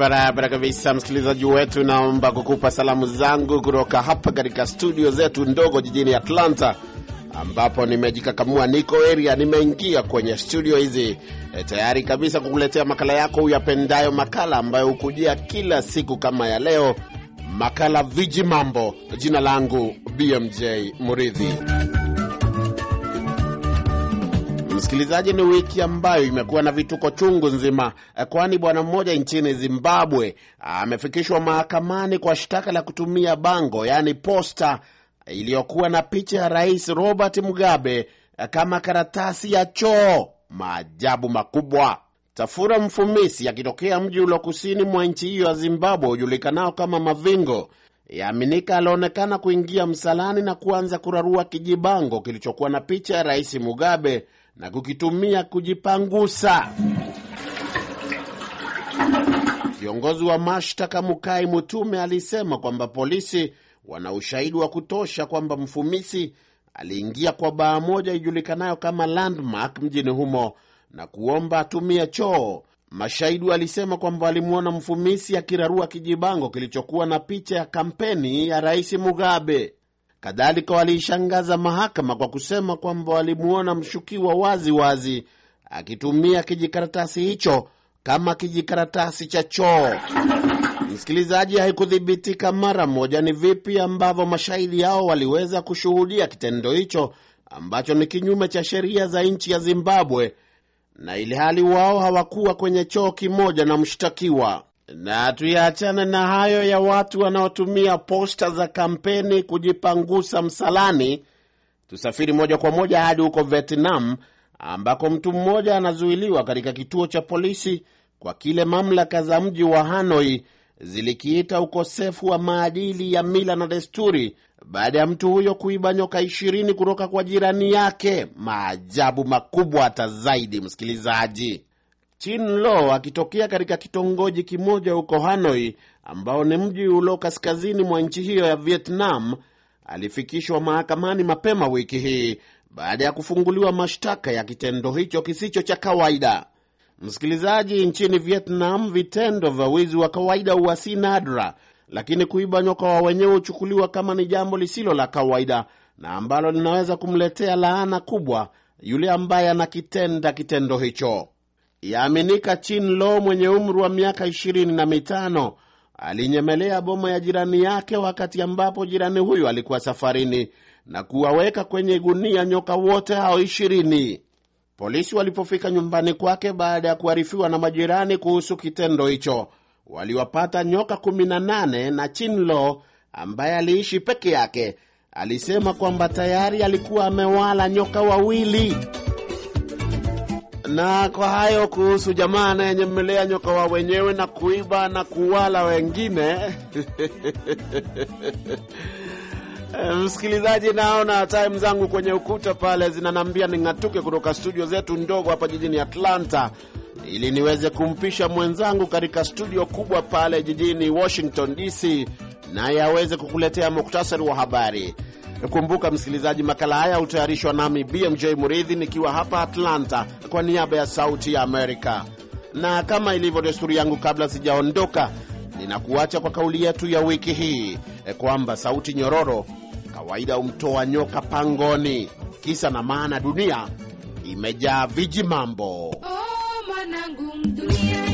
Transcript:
barabara kabisa, msikilizaji wetu, naomba kukupa salamu zangu kutoka hapa katika studio zetu ndogo jijini Atlanta, ambapo nimejikakamua, niko area, nimeingia kwenye studio hizi e, tayari kabisa kukuletea makala yako uyapendayo, makala ambayo hukujia kila siku kama ya leo, makala Viji Mambo. Jina langu BMJ Muridhi. Msikilizaji, ni wiki ambayo imekuwa na vituko chungu nzima, eh, kwani bwana mmoja nchini Zimbabwe ah, amefikishwa mahakamani kwa shtaka la kutumia bango, yaani posta eh, iliyokuwa na picha ya Rais Robert Mugabe eh, kama karatasi ya choo. Maajabu makubwa. Tafura Mfumisi akitokea mji ulo kusini mwa nchi hiyo ya Zimbabwe ujulikanao kama Mavingo yaaminika alionekana kuingia msalani na kuanza kurarua kijibango kilichokuwa na picha ya Rais Mugabe na kukitumia kujipangusa. Kiongozi wa mashtaka Mukai Mutume alisema kwamba polisi wana ushahidi wa kutosha kwamba Mfumisi aliingia kwa baa moja ijulikanayo kama Landmark mjini humo na kuomba atumie choo Mashahidi walisema kwamba walimwona Mfumisi akirarua kijibango kilichokuwa na picha ya kampeni ya Rais Mugabe. Kadhalika waliishangaza mahakama kwa kusema kwamba walimwona mshukiwa wazi wazi akitumia kijikaratasi hicho kama kijikaratasi cha choo. Msikilizaji, haikuthibitika mara moja ni vipi ambavyo mashahidi hao waliweza kushuhudia kitendo hicho ambacho ni kinyume cha sheria za nchi ya Zimbabwe na ili hali wao hawakuwa kwenye choo kimoja na mshtakiwa. Na tuyaachane na hayo ya watu wanaotumia posta za kampeni kujipangusa msalani, tusafiri moja kwa moja hadi huko Vietnam ambako mtu mmoja anazuiliwa katika kituo cha polisi kwa kile mamlaka za mji wa Hanoi zilikiita ukosefu wa maadili ya mila na desturi baada ya mtu huyo kuiba nyoka ishirini kutoka kwa jirani yake. Maajabu makubwa hata zaidi, msikilizaji. Chin Lo akitokea katika kitongoji kimoja huko Hanoi, ambao ni mji ulio kaskazini mwa nchi hiyo ya Vietnam, alifikishwa mahakamani mapema wiki hii baada ya kufunguliwa mashtaka ya kitendo hicho kisicho cha kawaida. Msikilizaji, nchini Vietnam vitendo vya wizi wa kawaida huwa si nadra, lakini kuiba nyoka wa wenyewe huchukuliwa kama ni jambo lisilo la kawaida na ambalo linaweza kumletea laana kubwa yule ambaye anakitenda kitendo hicho. Yaaminika Chin Lo mwenye umri wa miaka ishirini na mitano alinyemelea boma ya jirani yake wakati ambapo jirani huyo alikuwa safarini na kuwaweka kwenye gunia nyoka wote hao ishirini. Polisi walipofika nyumbani kwake baada ya kuarifiwa na majirani kuhusu kitendo hicho, waliwapata nyoka 18 na Chinlo ambaye aliishi peke yake alisema kwamba tayari alikuwa amewala nyoka wawili. Na kwa hayo kuhusu jamaa anayenyemelea nyoka wa wenyewe na kuiba na kuwala wengine Eh, msikilizaji, naona time zangu kwenye ukuta pale zinanambia ning'atuke kutoka studio zetu ndogo hapa jijini Atlanta ili niweze kumpisha mwenzangu katika studio kubwa pale jijini Washington DC, naye aweze kukuletea muktasari wa habari. Kumbuka msikilizaji, makala haya hutayarishwa nami BMJ Muridhi nikiwa hapa Atlanta kwa niaba ya Sauti ya Amerika, na kama ilivyo desturi yangu, kabla sijaondoka, ninakuacha kwa kauli yetu ya wiki hii eh, kwamba sauti nyororo kawaida humtoa nyoka pangoni. Kisa na maana, dunia imejaa viji mambo. Oh, manangu, dunia.